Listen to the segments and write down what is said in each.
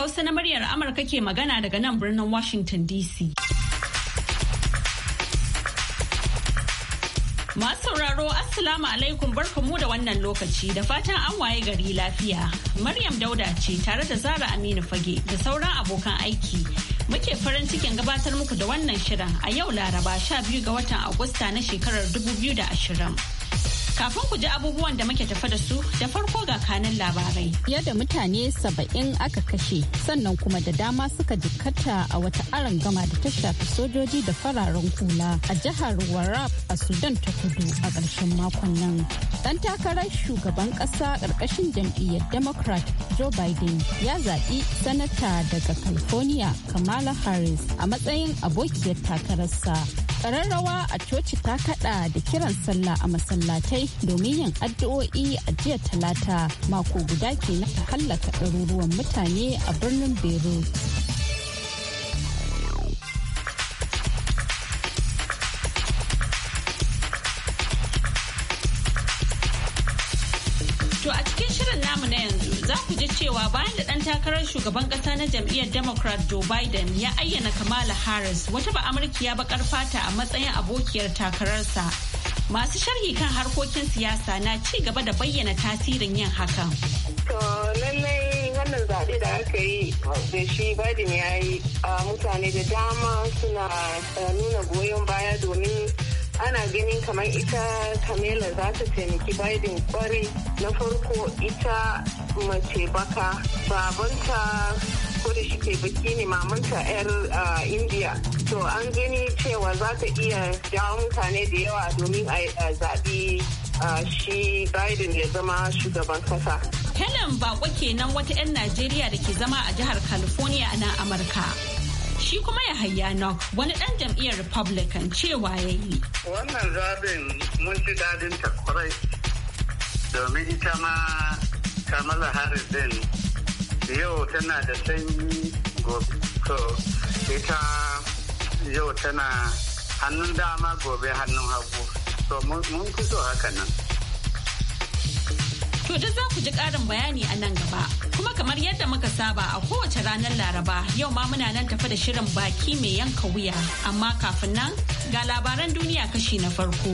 Hausa na muryar Amurka ke magana daga nan birnin Washington DC. Masu sauraro Assalamu alaikum mu da wannan lokaci da fatan an waye gari lafiya. Maryam Dauda ce tare da Zara Aminu Fage da sauran abokan aiki. Muke farin cikin gabatar muku da wannan shirin a yau Laraba 12 ga watan Agusta na shekarar 2020. Kafin ku ji abubuwan da muke tafa da su da farko ga kanan labarai. Yadda mutane saba'in aka kashe sannan kuma da dama suka jikkata a wata aron gama da ta shafi sojoji da fararen kula a jihar Warab a Sudan ta kudu a ƙarshen makon nan. Dan takarar shugaban ƙasa ƙarƙashin jam'iyyar Democrat Joe Biden ya zaɓi sanata daga California Kamala Harris a matsayin abokiyar takararsa. Ƙararrawa a coci ta kaɗa da kiran sallah a masallatai domin yin addu'o'i a jiya talata mako guda ke na ta hallaka ɗaruruwan mutane a birnin Beirut. bayan da ɗan takarar shugaban ƙasa na jam'iyyar Democrat Joe Biden ya ayyana Kamala Harris wata ba Amurkiya baƙar fata a matsayin abokiyar takararsa. Masu sharhi kan harkokin siyasa na ci gaba da bayyana tasirin yin hakan. lallai wannan zaɓe da aka yi da shi Biden ya yi mutane da dama suna eh, nuna goyon baya domin ana ganin kamar ita kamela za ta taimaki biden kwarai na farko ita mace baka babanta ko da shi shike baki ne mamanta yar india to an gani cewa za ta iya jawo mutane da yawa domin a zaɓi shi biden ya zama shugaban kasa helen bako kenan wata 'yan najeriya da ke zama a jihar california a nan amurka shi kuma ya hayya nok wani dan jam'iyyar republican cewa ya yi wannan zaɓin mun fi dadin ta kwarai domin ita ma kamala harris din yau tana da sanyi gobe ita yau tana hannun dama gobe hannun hagu so mun fi so haka nan To duk za ku ji ƙarin bayani a nan gaba. Kuma kamar yadda muka saba a kowace ranar Laraba yau ma muna nan tafi da shirin baki mai yanka wuya. Amma kafin nan ga labaran duniya kashi na farko.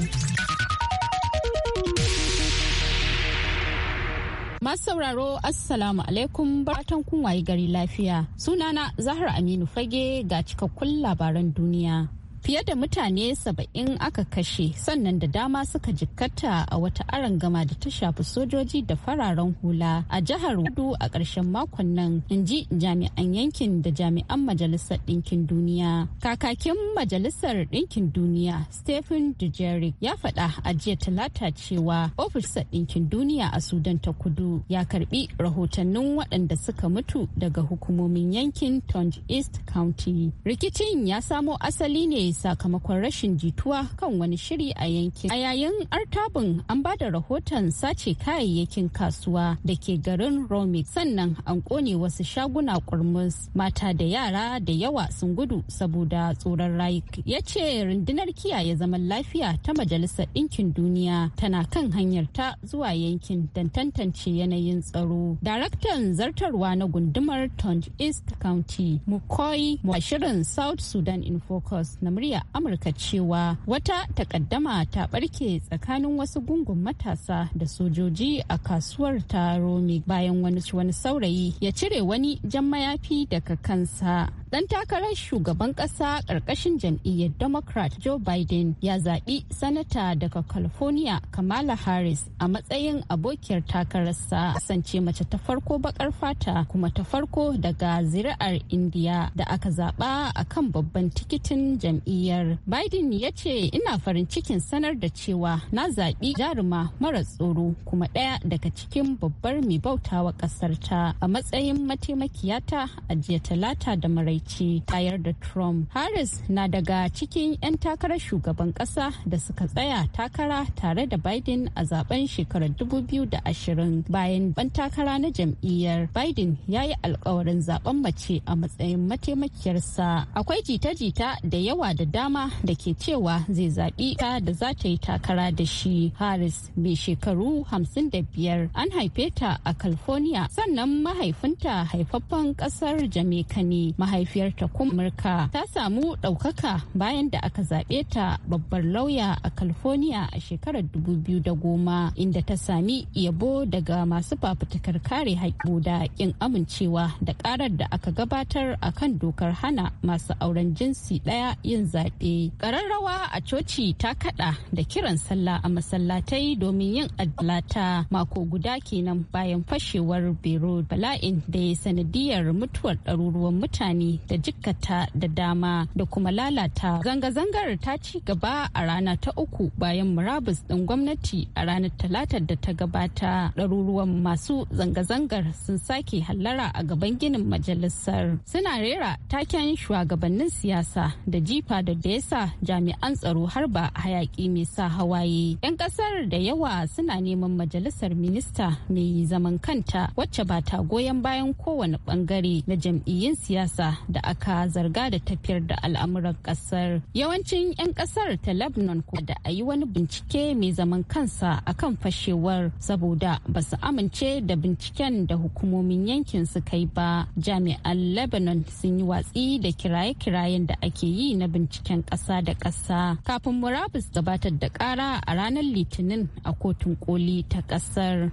Masu sauraro Assalamu alaikum baratan kun gari lafiya. Sunana Zahra Aminu Fage ga cikakkun labaran duniya. fiye da mutane saba'in aka kashe sannan da dama suka jikkata a wata arangama da ta shafi sojoji da fararen hula a jihar hudu a ƙarshen makon nan in ji jami'an yankin da jami'an majalisar ɗinkin duniya kakakin majalisar ɗinkin duniya stephen dujeric ya faɗa a jiya talata cewa ofisar ɗinkin duniya a sudan ta kudu ya karbi rahotannin waɗanda suka mutu daga hukumomin yankin tonge east county rikicin ya samo asali ne sakamakon rashin jituwa kan wani shiri a yankin. A yayin artabin an ba da rahoton sace kayayyakin kasuwa da ke garin Rome. sannan an kone wasu shaguna kurmus mata da yara da yawa sun gudu saboda tsoron raik. Ya ce rundunar kiyaye zaman lafiya ta Majalisar Ɗinkin Duniya tana kan hanyar ta zuwa yankin don tantance yanayin tsaro. Daraktan zartarwa na gundumar Tond East County, Mukoi, shirin South Sudan in Focus na murya Amurka cewa wata takaddama ta barke tsakanin wasu gungun matasa da sojoji a kasuwar ta Romi bayan wani saurayi ya cire wani jan mayafi daga kansa. Dan takarar shugaban kasa ƙarƙashin jam'iyyar Democrat Joe Biden ya zaɓi sanata daga California Kamala Harris a matsayin abokiyar takararsa kasance mace ta farko bakar fata kuma ta farko daga zira'ar India da aka zaɓa a kan babban tikitin jam'iyyar. Biden ya ce ina farin cikin sanar da cewa na zaɓi jaruma mara tsoro kuma ɗaya daga cikin babbar mai bautawa ƙasarta a matsayin mataimakiyata a jiya talata da maraita. tayar da Trump. Harris na daga cikin 'yan takarar shugaban ƙasa da suka tsaya takara tare da Biden a zaben shekarar 2020 bayan ban takara na jam'iyyar. Biden ya yi alkawarin zaben mace a matsayin mataimakiyarsa. Akwai jita-jita da yawa da dama da ke cewa zai zaɓi ta da za ta yi takara da shi. Harris mai shekaru 55 an haife ta a California sannan mahaifinta haifaffen ƙasar Jamaica ne. mahaifiyarta kuma ta samu ɗaukaka bayan da aka zaɓe ta babbar lauya a california a shekarar 2010 inda ta sami yabo daga masu fafutukar kare haƙƙo da ƙin amincewa da ƙarar da aka gabatar a kan dokar hana masu auren jinsi ɗaya yin zaɓe ƙararrawa a coci ta kaɗa da kiran sallah a masallatai domin yin adalata mako guda kenan bayan fashewar bero bala'in da ya sanadiyar mutuwar ɗaruruwan mutane da jikkata da dama da kuma lalata zanga-zangar ta ci gaba a rana ta uku bayan murabus din gwamnati a ranar talatar da ta gabata ɗaruruwan masu zanga-zangar sun sake hallara a gaban ginin majalisar suna rera taken shugabannin siyasa da jifa da da jami'an tsaro har ba hayaki mai sa hawaye yan kasar da yawa suna neman majalisar minista mai zaman kanta wacce ba ta goyon bayan kowane bangare na jam'iyyun siyasa da aka zarga da tafiyar da al'amuran kasar yawancin 'yan kasar ta lebanon da a yi wani bincike mai zaman kansa akan fashewar saboda ba su amince da binciken da hukumomin yankin su kai ba jami'an lebanon sun yi watsi da kiraye-kirayen da ake yi na binciken kasa da kasa kafin murabus gabatar da kara a ranar litinin a kotun koli ta kasar.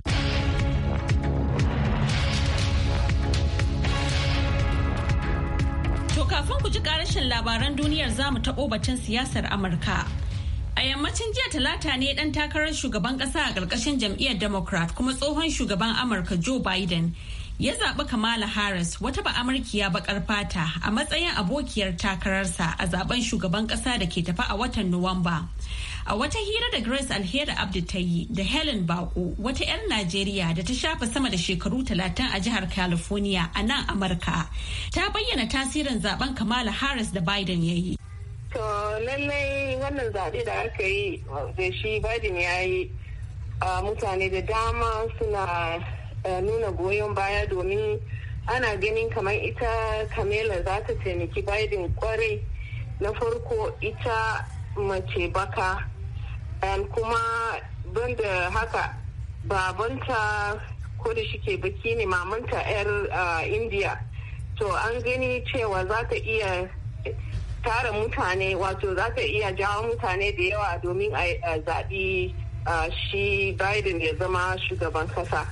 ji karashin labaran duniyar zamu taɓo batun siyasar Amurka. A yammacin jiya talata ne dan takarar shugaban ƙasa a ƙarƙashin jam'iyyar Democrat kuma tsohon shugaban Amurka Joe Biden ya zaɓi Kamala Harris wata ba Amurkiya baƙar fata a matsayin abokiyar takararsa a zaben shugaban ƙasa da ke tafi a watan Nuwamba. A wata hira da Grace Alheri Abdi ta yi da Helen Bako wata 'yar Najeriya da ta shafa sama da shekaru talatin a jihar California a nan Amurka. Ta bayyana tasirin zaben Kamala Harris da Biden ya yi. To lallai wannan zaɓe da aka yi da shi Biden ya yi mutane da dama suna nuna goyon baya domin ana ganin kamar ita Kamala za ta taimaki Biden kwarai na farko ita mace baka kuma banda haka babanta ko da shike baki ne mamanta 'yar uh, india to an gani cewa za ta iya tara mutane wato za ta iya jawo mutane da yawa domin a zaɓi uh, shi biden ya zama shugaban kasa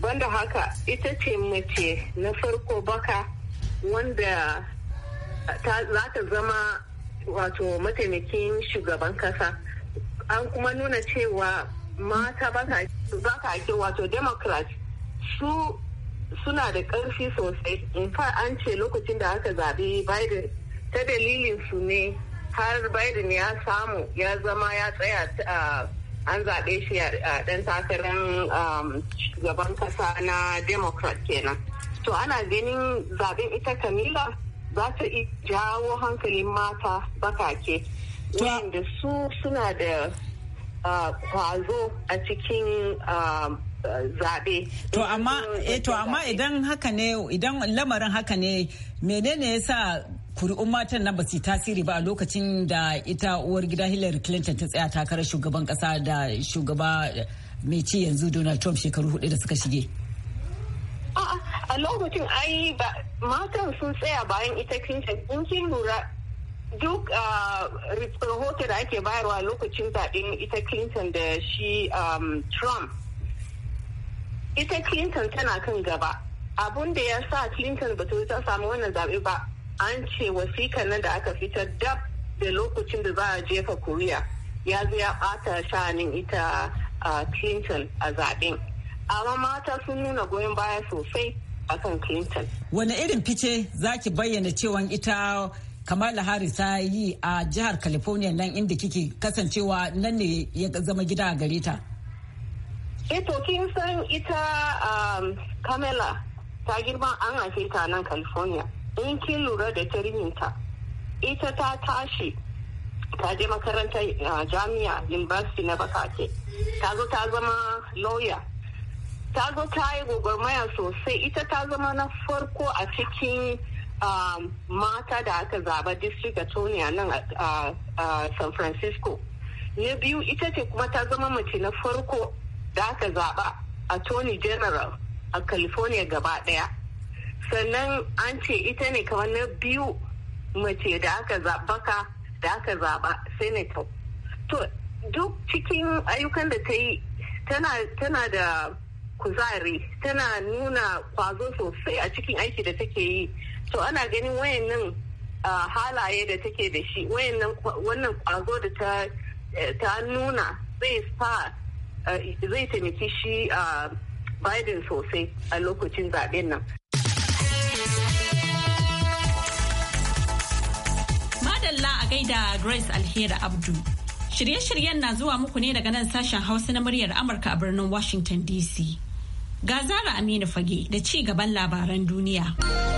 banda haka ita ce mace na farko baka wanda za ta zama wato mataimakin shugaban kasa an kuma nuna cewa mata ba ka ake wato democrat su suna da ƙarfi sosai in fa an ce lokacin da aka zaɓi biden ta dalilin su ne har biden ya samu ya zama ya tsaya ah, an zaɓe shi a ɗan takarar um, shugaban ƙasa na democrat kenan to ana ganin zaɓen ita kamila za ta jawo hankalin mata bakake wanda su suna da kwazo a cikin zaɓe. To amma eh, to amma idan haka ne idan lamarin haka ne menene ya sa kuri'un matan na basu tasiri ba a lokacin da ita uwar gida Hillary Clinton ta tsaya takarar shugaban kasa da shugaba mai ci yanzu Donald Trump shekaru hudu da suka shige. A lokacin ai matan sun tsaya bayan ita Clinton in kin lura duk uh, rahoto da ake bayarwa lokacin zaɓen ita clinton da shi um, trump ita clinton tana kan gaba abun da ya sa clinton ba ta samu wannan zaɓe ba an ce wasikan nan da aka fitar dab da lokacin da za a jefa korea ya zo ya ɓata shanin ita uh, clinton a zaɓen amma mata sun nuna goyon baya sosai akan clinton wani irin fice zaki bayyana cewa ita kamala harris ta yi a jihar california nan inda kike kasancewa nan ne ya zama gida a gare ta eto eh kin san ita um, kamala ta girma an haife ta nan california in kin lura da tarihinta ita ta tashi ta je makarantar uh, jami'a university na bakake ta zo ta zama lawyer ta zo ta yi gwagwarmaya sosai ita ta zama na farko a cikin Um, mata da aka zaba district attorney a nan a san francisco na biyu ita ce kuma ta zama mace na farko da aka zaba attorney general a california gaba daya sannan an ce ita ne kamar na biyu mace da aka ka da aka zaba senator to duk cikin ayyukan da ta yi tana da kuzari tana nuna kwazo sosai a cikin aiki da take yi to ana ganin wayannan halaye da take da shi wayannan wannan kwazo da eh, ta nuna zai sa zai taimaki shi Biden sosai a lokacin zaɓen nan. Madalla a gaida Grace Alheri Abdu. Shirye-shiryen na zuwa muku ne daga nan sashen Hausa na muryar Amurka a birnin Washington DC. Ga Zara Aminu Fage da ci gaban labaran duniya.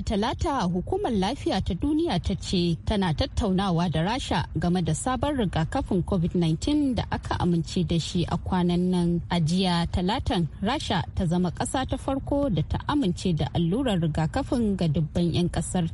talata hukumar lafiya ta duniya ta ce tana tattaunawa da rasha game da sabon rigakafin covid-19 da aka amince da shi a kwanan nan a jiya talatan rasha ta zama ƙasa ta farko da ta amince da allurar rigakafin ga dubban 'yan ƙasar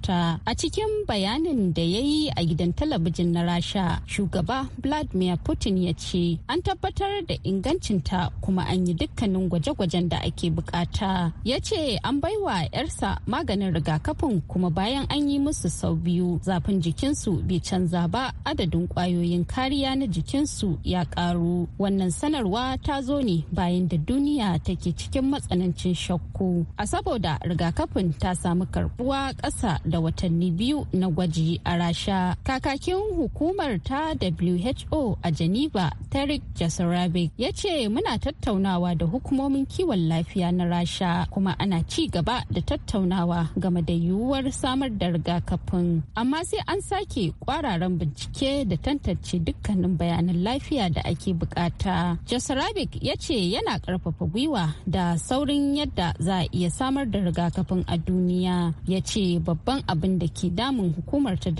a cikin bayanin da ya yi a gidan talabijin na rasha shugaba vladimir putin ya ce an tabbatar da ingancinta kuma an yi dukkanin gwaje-gwajen da ake bukata ya ce an baiwa 'yarsa maganin rigakafin rigakafin kuma bayan an yi musu sau biyu zafin jikinsu bai canza ba adadin kwayoyin kariya na jikinsu ya karu wannan sanarwa ta zo ne bayan da duniya take cikin matsanancin shakku a saboda rigakafin ta samu karbuwa ƙasa da watanni biyu na gwaji a rasha kakakin hukumar ta who a geneva tarik jasarabic ya ce muna tattaunawa da hukumomin kiwon lafiya na rasha kuma ana ci gaba da tattaunawa game da yiwuwar samar da rigakafin amma sai an sake kwararan bincike da tantance dukkanin bayanan lafiya da ake bukata jasarabic ya ce yana karfafa gwiwa da saurin yadda za a iya samar da rigakafin a duniya ya ce babban abin da ke damun hukumar ta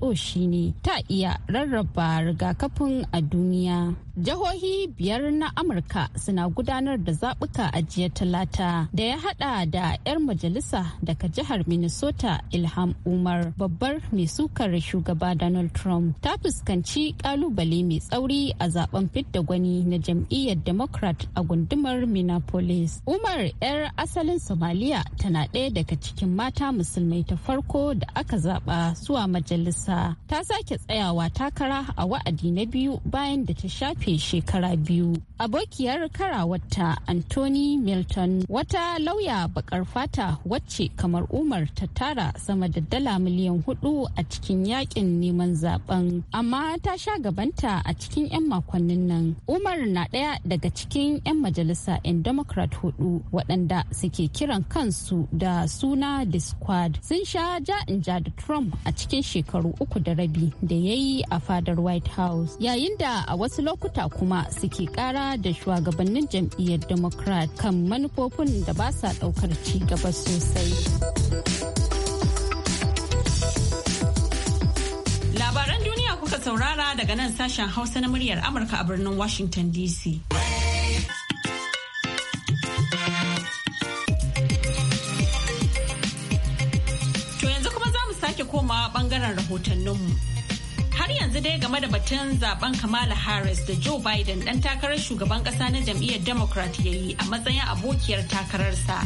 who shine ta iya rarraba rigakafin a duniya Jihohi biyar na Amurka suna gudanar da zaɓuka a jiya talata da ya haɗa da 'yar majalisa daga jihar Minnesota Ilham Umar babbar mai sukar shugaba Donald Trump ta fuskanci ƙalubale mai tsauri a zaben fidda gwani na jam'iyyar Democrat a gundumar Minneapolis. Umar 'yar asalin Somalia tana ɗaya daga cikin mata musulmai ta farko da aka zaɓa zuwa majalisa ta sake tsayawa takara a wa'adi na biyu bayan da ta shafe rufe shekara biyu. Abokiyar karawarta Anthony Milton wata lauya bakar fata wacce kamar Umar ta tara sama da dala miliyan hudu a cikin yakin neman zaben amma ta sha gabanta a cikin 'yan makonnin nan. Umar na ɗaya daga cikin 'yan majalisa 'yan Democrat hudu waɗanda suke kiran kansu da suna The Squad sun sha ja'in ja da Trump a cikin shekaru uku da rabi da ya yi a fadar White House yayin da a wasu lokuta wata kuma suke kara da shugabannin jam'iyyar democrat kan manufofin da ba sa daukar ci gaba sosai labaran duniya kuka saurara daga nan sashen hausa na muryar amurka a birnin washington dc to yanzu kuma za mu sake komawa bangaren rahotanninmu. Har yanzu dai game da batun zaben Kamala Harris da Joe Biden dan takarar shugaban kasa na jam'iyyar Democrat ya yi a matsayin abokiyar takararsa.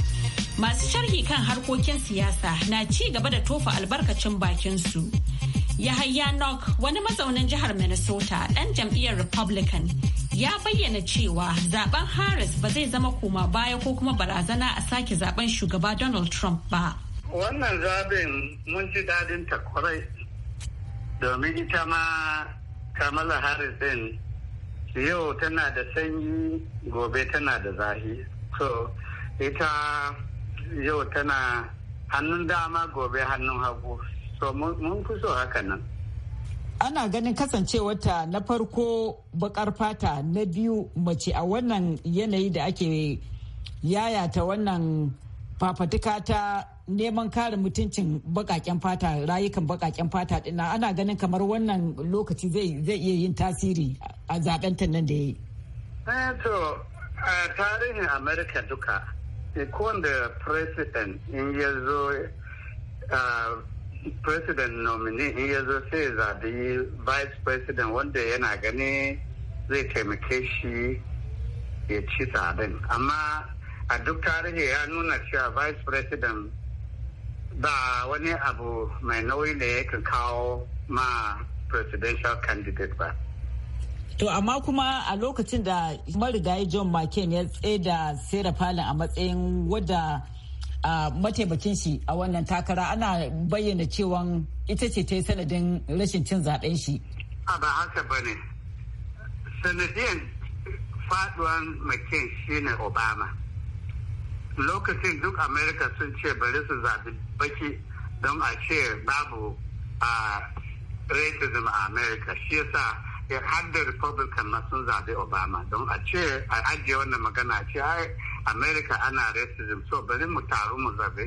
Masu sharhi kan harkokin siyasa na ci gaba da tofa albarkacin bakinsu. Yahaya Nock wani mazaunin jihar Minnesota dan jam'iyyar Republican ya bayyana cewa zaben Harris ba zai zama koma baya ko kuma barazana a sake zaben shugaba Donald Trump ba. Wannan zaben mun ji dadin kwarai domin ita ma kamala harris din yau tana da sanyi gobe tana da zahi so ita yau tana hannun dama gobe hannun hagu so mun fi so haka nan ana ganin kasancewarta na farko bakar fata na biyu mace a wannan yanayi da ake yayata wannan fafatuka ta neman kare mutuncin bakaken fata rayukan bakaken fata dina ana ganin kamar wannan lokaci zai iya yin tasiri a zaben ta nan da ya yi. Eh, to a tarihin amerika duka eh, kowanda president in ya zo president nominee in ya zo sai zabi vice president wanda yana gani zai taimake shi ya ci zaben amma a duk tarihi ya nuna cewa vice president ba wani abu mai nauyi da ya kawo ma presidential candidate ba. To amma kuma a lokacin da marigayi John McCain ya tseda Sarah Palin a matsayin wadda a mataimakin shi a wannan takara ana bayyana cewa ita ce ta yi sanadin rashin cin zaɓen shi. A ba haka ba ne. Sanadiyan faduwan McCain ne Obama. lokacin duk amerika sun ce bari su zaɓi baki don a ce babu a racism a america shi yasa har da republican na sun zaɓi obama don a ce a ajiye wannan magana ce ai america ana racism so bari mu taru mu zaɓi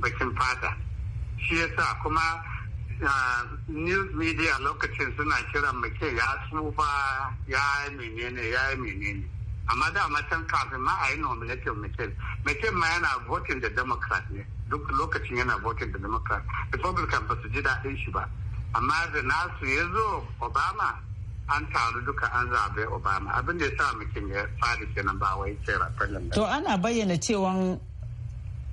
bakin fata shi yasa kuma news media lokacin suna kiran mu ke ya tsufa ya yi menene ya yi menene amma da can kafin ma a yi nominatin mccain mccain ma yana votin da democrat ne duk lokacin yana votin da democrat republican ba su ji daɗin shi ba amma da nasu ya zo obama an taru duka an zabe obama abin da ya sa mutum ya fara kenan ba wai tsira to ana bayyana cewa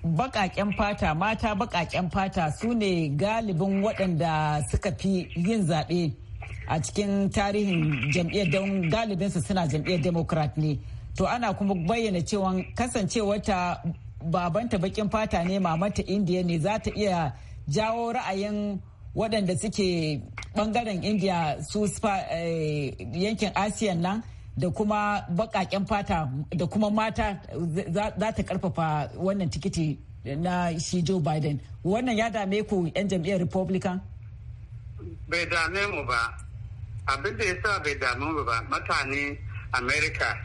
bakaken fata mata bakaken fata su ne galibin waɗanda suka fi yin zaɓe a cikin tarihin jam'iyyar don galibinsu suna jam'iyyar democrat ne to ana kuma bayyana cewa kasancewarta babanta bakin fata ne mamanta indiya ne za ta iya jawo ra'ayin waɗanda suke bangaren indiya su eh, yankin asiyan nan da kuma baƙaƙen fata da kuma mata za ta karfafa wannan tikiti na shi joe biden wannan ya dame ku 'yan jam'iyyar republican bai dame mu ba abin da ya sa bai damu ba mutane america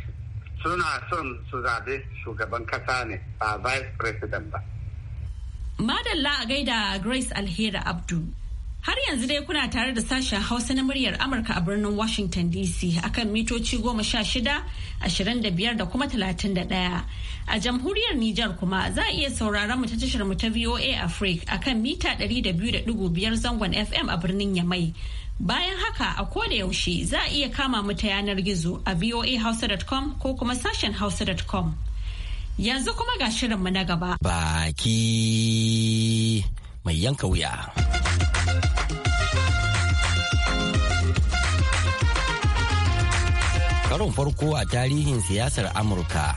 suna son su zabe shugaban kasa ne ba vice president ba madalla a gaida grace alhera abdu Har yanzu dai kuna tare da sashen Hausa na muryar Amurka a birnin Washington DC akan mitoci goma sha shida, ashirin da biyar da kuma talatin da ɗaya. A jamhuriyar Nijar kuma za a iya sauraron mu ta tashar mu ta VOA Africa akan mita ɗari da biyu da ɗigo biyar zangon FM a birnin Yamai. Bayan haka a koda yaushe za a iya kama mu ta yanar gizo a voahausa.com ko kuma sashen hausa.com. Yanzu kuma ga shirinmu na gaba. Baki mai yanka wuya. Karon farko a tarihin siyasar Amurka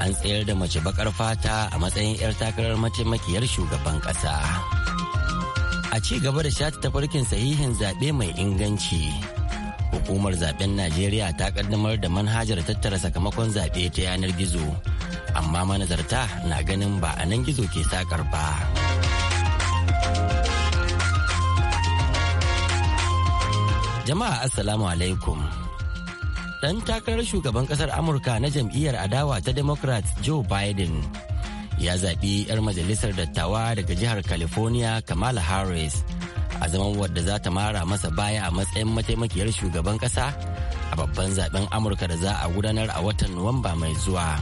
an tsayar da mace bakar fata a matsayin 'yar takarar mataimakiyar shugaban ƙasa. a ci gaba da shata tafarkin sahihin zaɓe mai inganci hukumar zaɓen najeriya ta kaddamar da manhajar tattara sakamakon zaɓe ta yanar gizo amma manazarta na ganin ba a nan gizo ke sakar ba jama'a assalamu alaikum dan takarar shugaban kasar amurka na jam'iyyar adawa ta democrat joe biden ya zaɓi 'yar majalisar dattawa daga jihar california kamala harris a zaman wadda za ta mara masa baya a matsayin mataimakiyar shugaban ƙasa a babban zaben amurka da za a gudanar a watan nuwamba mai zuwa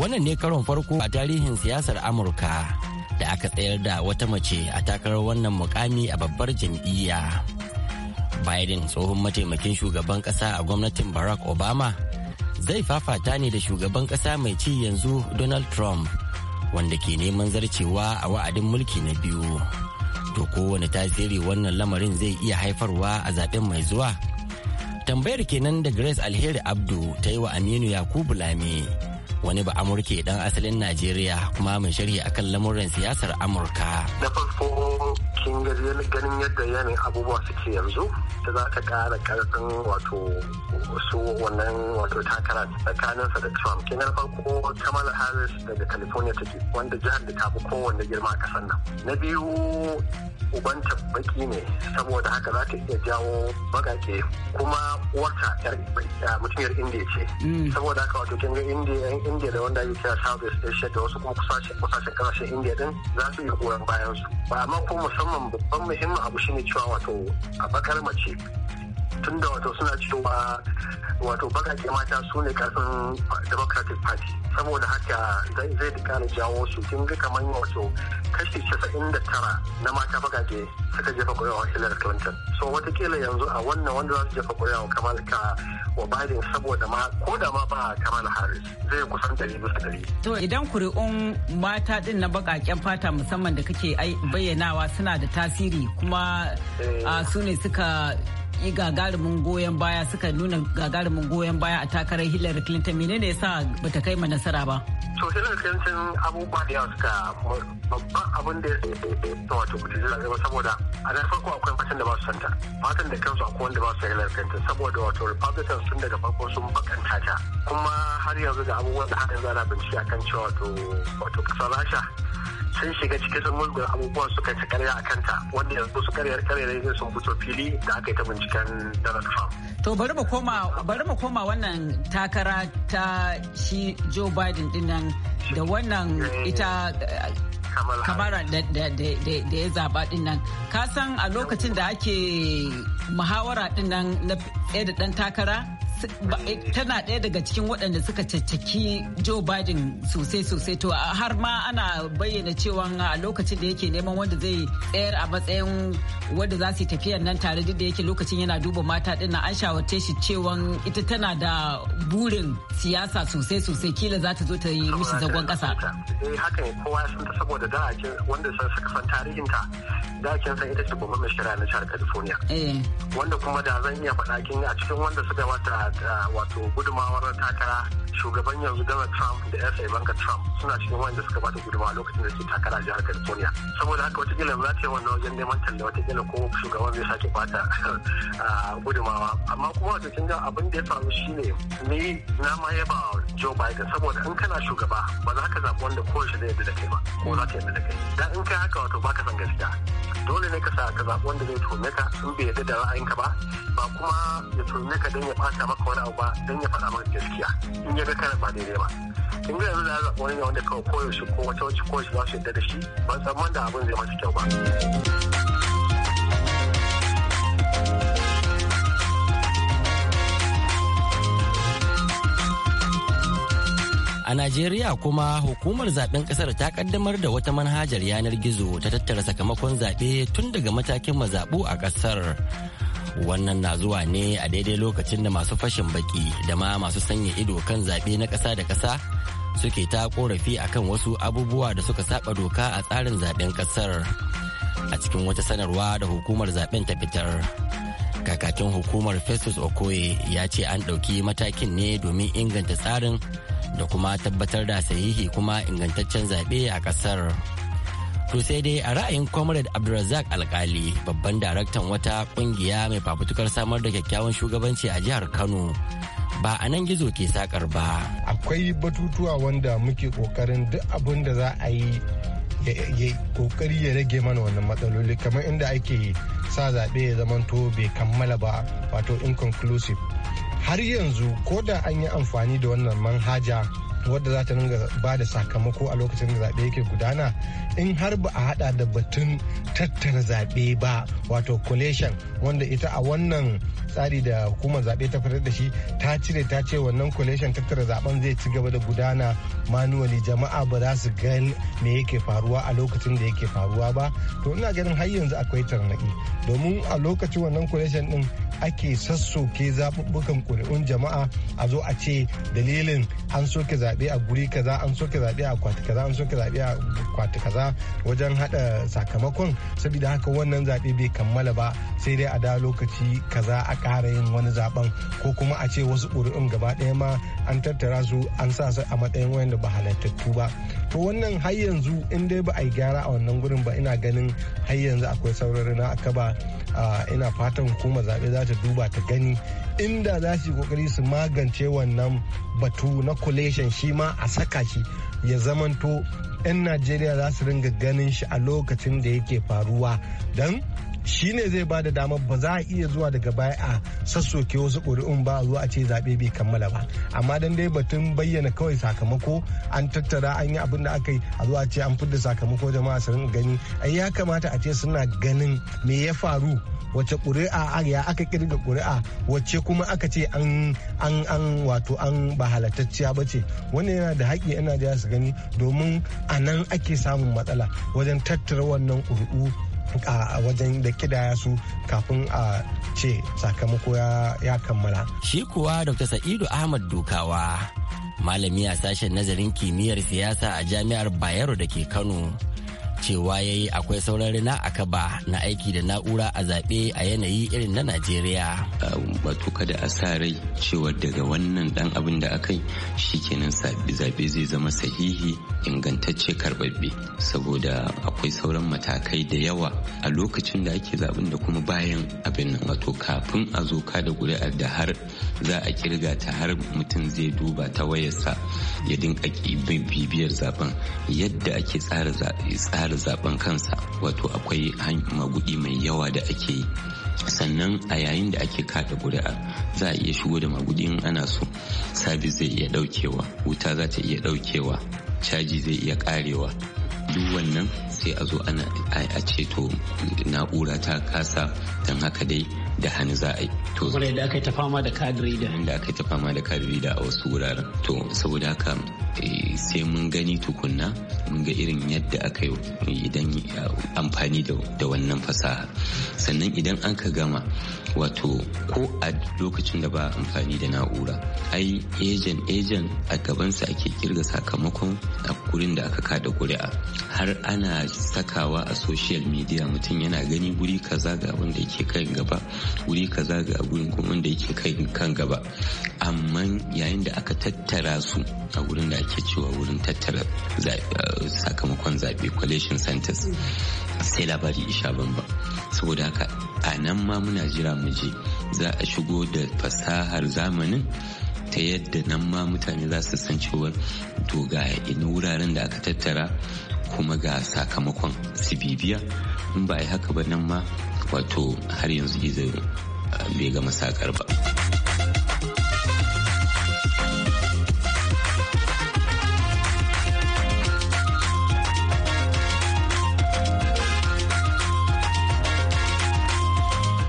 wannan ne karon farko a tarihin siyasar amurka da aka tsayar da wata mace a takarar wannan mukami a babbar jam'iyya biden tsohon mataimakin shugaban ƙasa a gwamnatin barack obama zai fafata ne da shugaban ƙasa mai ci yanzu donald trump wanda ke neman zarcewa a wa'adin mulki na biyu to kowane tasiri wannan lamarin zai iya haifarwa a zaben mai zuwa tambayar kenan da grace alheri abdu ta yi wa aminu yakubu Lami, wani ba amurke dan asalin najeriya kuma mai sharhi akan lamuran siyasar amurka na farko domin ganin yadda yanayin abubuwa suke yanzu Ta za ta kara karfin wato su wannan wato takara sa da trump kenan farko kamala harris daga california take wanda jihar da ta fi kowanne girma a kasar nan na biyu uban baki ne saboda haka za ta iya jawo bagake kuma wata mutum yar indiya ce mm. saboda haka wato kin ga indiya yan indiya da wanda ya kira south east asia da wasu kuma kusashen kasashen indiya din za su iya goyon bayan su ba amma ko musamman babban muhimmin abu shine cewa wato a bakar mace tunda wato suna cewa wato bakaƙe mata su ne kafin democratic party saboda haka zai zai kara jawo su kin ga kamar wato kashi casa'in da tara na mata bakake suka jefa kuri'a Hillary Clinton so watakila yanzu a wannan wanda za su jefa kuri'a kamar ka wa Biden saboda ma ko da ma ba Kamala Harris zai kusan ɗari bisa ɗari. To idan kuri'un mata ɗin na bakaƙen fata musamman da kake bayyanawa suna da tasiri kuma eh. ah, su ne suka yi gagarumin goyon baya suka nuna gagarumin goyon baya a takarar Hillary Clinton menene sa bata kai ma nasara ba? To Hillary Clinton abubuwa da yawa suka babban abin da ya wato kuce jira zama saboda a nan farko akwai fatan da ba su santa fatan da kansu akwai wanda ba su Hillary Clinton saboda wato Republicans sun daga farko sun bakanta ta kuma har yanzu da abubuwan da har yanzu ana bincike akan cewa wato wato kasar Rasha sun shiga cikin sun abubuwan su ci karya a kanta wanda yanzu su karyar karyar sun fito fili da aka yi ta binciken Donald Trump. To bari mu koma bari mu koma wannan takara ta shi Joe Biden dinnan da wannan eh, ita kamara da ya zaba dinnan ka san a lokacin da ake muhawara dinnan na da dan takara Eh, tana ɗaya daga cikin waɗanda suka caccaki Joe Biden sosai-sosai to har ma ana bayyana cewa a lokacin da yake neman wanda zai tsayar a matsayin wanda za su yi nan tare duk da yake lokacin yana duba mata ɗin an shawarce shi cewa ita tana da burin siyasa sosai-sosai kila za ta zo ta yi mishi zagon ƙasa. Eh haka ne kowa san ta saboda da wanda suka san tarihinta da san ita ce gwamnatin shari'a na California. Eh. Wanda kuma da zan iya faɗa kin a cikin wanda suka wata da wato gudumawar takara shugaban yanzu Donald Trump da yasa Ivanka Trump suna cikin wanda suka bata gudumawa lokacin da suke takara a jihar California saboda haka wata gila za ta yi wannan wajen neman wata gila ko shugaban zai sake bata ah, gudumawa amma kuma wato kin abin da ya faru shine ni na ma yaba Joe Biden saboda in kana shugaba ba za ka zaɓi wanda kowace zai yadda da kai ba ko za ta yadda da kai da in kai haka wato baka san gaskiya dole ne ka ka zaɓi wanda zai tone ka in bai yarda da ra'ayin ka ba ba kuma ya tone ka don ya fata maka wani abu ba don ya faɗa maka gaskiya in ya ga kana ba daidai ba in ga yanzu da ya zaɓi wani ne wanda kawai koyaushe ko wata wacce koyaushe za su yarda da shi ban san da abin zai masa kyau ba. A Najeriya kuma hukumar zaben kasar ta kaddamar da wata manhajar yanar gizo ta tattara sakamakon zaɓe tun daga matakin mazaɓu a ƙasar. Wannan na zuwa ne a daidai lokacin da masu fashin baki da ma masu sanya ido kan zaɓe na ƙasa da ƙasa suke ta korafi kan wasu abubuwa da suka saba doka a tsarin zaɓen ƙasar. A cikin wata sanarwa da hukumar zaɓen ta fitar. Kakakin hukumar Festus Okoye ya ce an ɗauki matakin ne domin inganta tsarin da kuma tabbatar da sahihi kuma ingantaccen zaɓe a ƙasar. To sai dai a ra'ayin Comrade Abdulrazak Alkali babban daraktan wata ƙungiya mai fafutukar samar da kyakkyawan shugabanci a jihar Kano. Ba a nan gizo ke sakar ba. Akwai batutuwa wanda muke kokarin duk abin da za a yi ya kokari ya rage mana wannan matsaloli kamar inda ake sa zaɓe ya zamanto bai kammala ba wato inconclusive har yanzu ko da an yi amfani da wannan manhaja wadda za ta nuna ba da sakamako a lokacin da zaɓe yake gudana in har ba a hada da batun tattara zaɓe ba wato collation wanda ita a wannan tsari da hukumar zaɓe ta fitar da shi ta cire ta ce wannan collation tattara zaben zai ci gaba da gudana manuwali jama'a ba za su ga me yake faruwa a lokacin da yake faruwa ba to ina ganin har yanzu akwai tarnaki domin a lokacin wannan collation din ake sassoke zaɓuɓɓukan ƙuri'un jama'a a zo a ce dalilin an soke zaɓe a guri kaza an soke zaɓe a kwati kaza an soke zaɓe a kwati kaza wajen haɗa sakamakon saboda haka wannan zaɓe bai kammala ba sai dai a da lokaci kaza a ƙara yin wani zaɓen ko kuma a ce wasu ƙuri'un gaba ɗaya ma an tattara su an sa su a matsayin wayanda ba halartattu ba to wannan har yanzu in dai ba a yi gyara a wannan gurin ba ina ganin har yanzu akwai saurari na akaba ina fatan hukumar zaɓe za ta duba ta gani inda za su yi kokari su magance wannan batu na collation shi ma a saka shi ya zamanto 'yan najeriya za su ringa ganin shi a lokacin da yake faruwa don shi ne zai ba da damar ba za a iya zuwa daga baya a sassoke wasu ƙuri'un ba a zuwa a ce zaɓe bai kammala ba amma dan dai batun bayyana kawai sakamako an tattara an yi abin da aka yi a zuwa ce an fidda sakamako jama'a su rinka gani ai ya kamata a ce suna ganin me ya faru wace ƙuri'a ya aka kirga ƙuri'a wace kuma aka ce an an wato an ba halatacciya ba ce wannan yana da haƙƙi yana da su gani domin a nan ake samun matsala wajen tattara wannan ƙuri'u a wajen da kidaya su kafin a ce sakamako ya kammala. Shi kuwa Dr. Sa'idu Ahmad Dukawa malami a sashen nazarin kimiyyar siyasa a jami'ar Bayero da ke Kano cewa ya yi akwai sauran rina a kaba na aiki da na'ura a zaɓe a yanayi irin na najeriya wato kada a sa rai cewa daga wannan dan abin da aka yi kenan zaɓe zai zama sahihi ingantacce karbabbe saboda akwai sauran matakai da yawa a lokacin da ake zaɓen da kuma bayan abin nan wato kafin a zo kada ƙuri'ar da har za a kirga ta har mutum zai duba ta wayarsa ya dinka bibiyar zaben yadda ake tsara da zaben kansa wato akwai magudi mai yawa da ake yi sannan a yayin da ake kada ƙuri'a za a iya shigo da magudi in ana so sabis zai iya daukewa wuta za ta iya daukewa caji zai iya karewa duk wannan sai a zo ana a ceto na'ura ta kasa don haka dai da hannu za a yi to da aka yi ta fama da kadiri da Inda aka yi ta fama da kadiri da a wasu wuraren to saboda haka eh, sai mun gani tukunna mun ga irin yadda aka yi idan eh, eh, amfani da wannan fasaha sannan idan an ka gama wato ko a lokacin da ba amfani da na'ura ai ejen ejen a gabansa ake kirga sakamakon a gurin da aka kada kuri'a har ana sakawa a social media mutum yana gani guri kaza ga wanda yake kan gaba wuri kaza ga gurin kuma wanda yake kan gaba amma yayin da aka tattara su a wurin da ake cewa wurin tattara eh, sakamakon zaɓe collation centers sai labari isha bamba saboda haka a nan ma muna jira mu je za a shigo da fasahar zamanin ta yadda nan ma mutane za su san cewa to ga ina wuraren da aka tattara kuma ga sakamakon su bibiya in ba a yi haka ba nan ma wato har yanzu gizo eh, bai gama sakar ba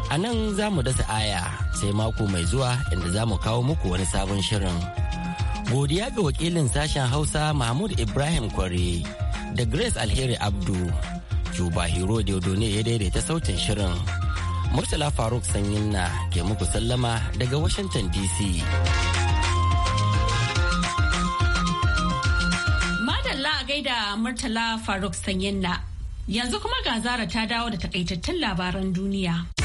a nan za mu dasa aya sai mako mai zuwa inda za mu kawo muku wani sabon shirin godiya ga wakilin sashen hausa mahmud ibrahim kware da grace alheri abdu Juba Hero ne ya daidaita sautin shirin. Murtala Faruk Sanyinna ke muku sallama daga Washington DC. Madalla a gaida Murtala Faruk Sanyinna, Yanzu kuma ga zara ta dawo da takaitattun labaran duniya.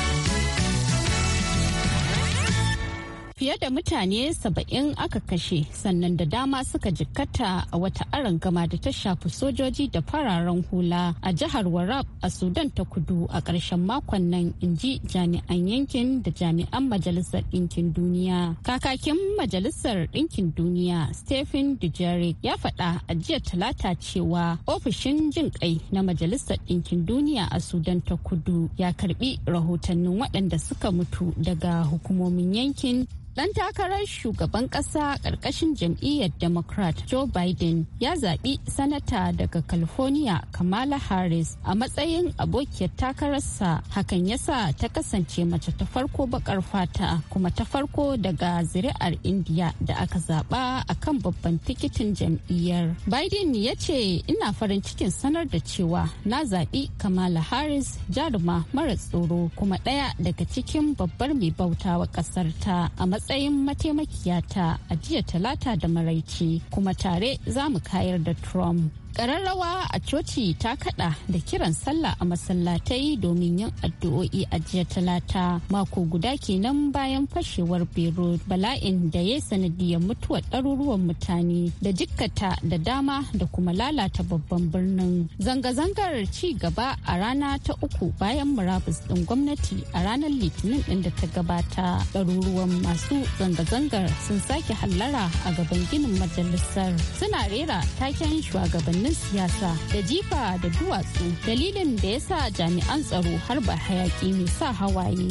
fiye da mutane saba'in aka kashe sannan da dama suka jikkata a wata aron gama da ta shafi sojoji da fararen hula a jihar warab a sudan ta kudu a ƙarshen makon nan in ji jami'an yankin da jami'an majalisar ɗinkin duniya kakakin majalisar ɗinkin duniya stephen dujarric ya faɗa a jiya talata cewa ofishin jin kai na majalisar ɗinkin duniya a sudan ta kudu ya karbi rahotannin waɗanda suka mutu daga hukumomin yankin Dan takarar shugaban kasa ƙarƙashin jam'iyyar Democrat Joe Biden ya zaɓi sanata daga California Kamala Harris a matsayin abokiyar takararsa hakan yasa ta kasance mace ta farko bakar fata kuma ta farko daga zuri'ar India da aka zaɓa a kan babban tikitin jam'iyyar. Biden ya ce ina farin cikin sanar da cewa na zaɓi Kamala Harris jaruma mara tsoro kuma ɗaya daga cikin babbar mai bautawa ƙasarta a matsayin mataimakiyata a jiya talata da maraice kuma tare za mu kayar da Trump. Ƙararrawa a coci ta kaɗa da kiran sallah a masallatai domin yin addu'o'i a jiya talata mako guda kenan bayan fashewar Beirut bala'in da ya sanadiyar mutuwar ɗaruruwan mutane da jikkata da dama da kuma lalata babban birnin. Zanga-zangar ci gaba a rana ta uku bayan murabus ɗin gwamnati a ranar litinin ɗin da ta gabata ɗaruruwan masu zanga-zangar sun sake hallara a gaban ginin majalisar suna rera taken shugabannin maganganun siyasa da jifa da duwatsu dalilin da ya sa jami'an tsaro har ba hayaki mai sa hawaye.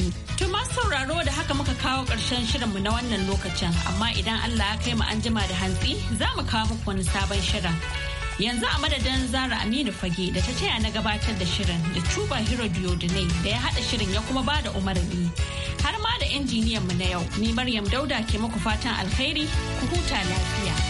masu sauraro da haka muka kawo ƙarshen shirinmu na wannan lokacin amma idan Allah ya kai mu an jima da hantsi za mu kawo muku wani sabon shirin. Yanzu a madadin Zara Aminu Fage da ta taya na gabatar da shirin da Cuba Hero Diodune da ya haɗa shirin ya kuma bada umarni. Har ma da injiniyan mu na yau, ni Maryam Dauda ke muku fatan alkhairi, ku huta lafiya.